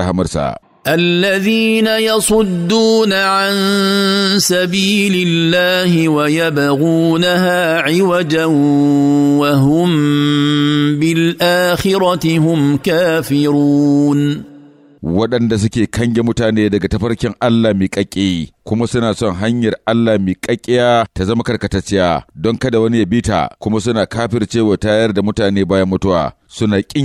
rahamarsa. الذين يصدون عن سبيل الله ويبغونها عوجا وهم بالآخرة هم كافرون waɗanda suke kange mutane daga tafarkin Allah miƙaƙe kuma suna son hanyar Allah miƙaƙiya ta zama karkataciya, don kada wani ya bi ta kuma suna kafircewa tayar da mutane bayan mutuwa suna ƙin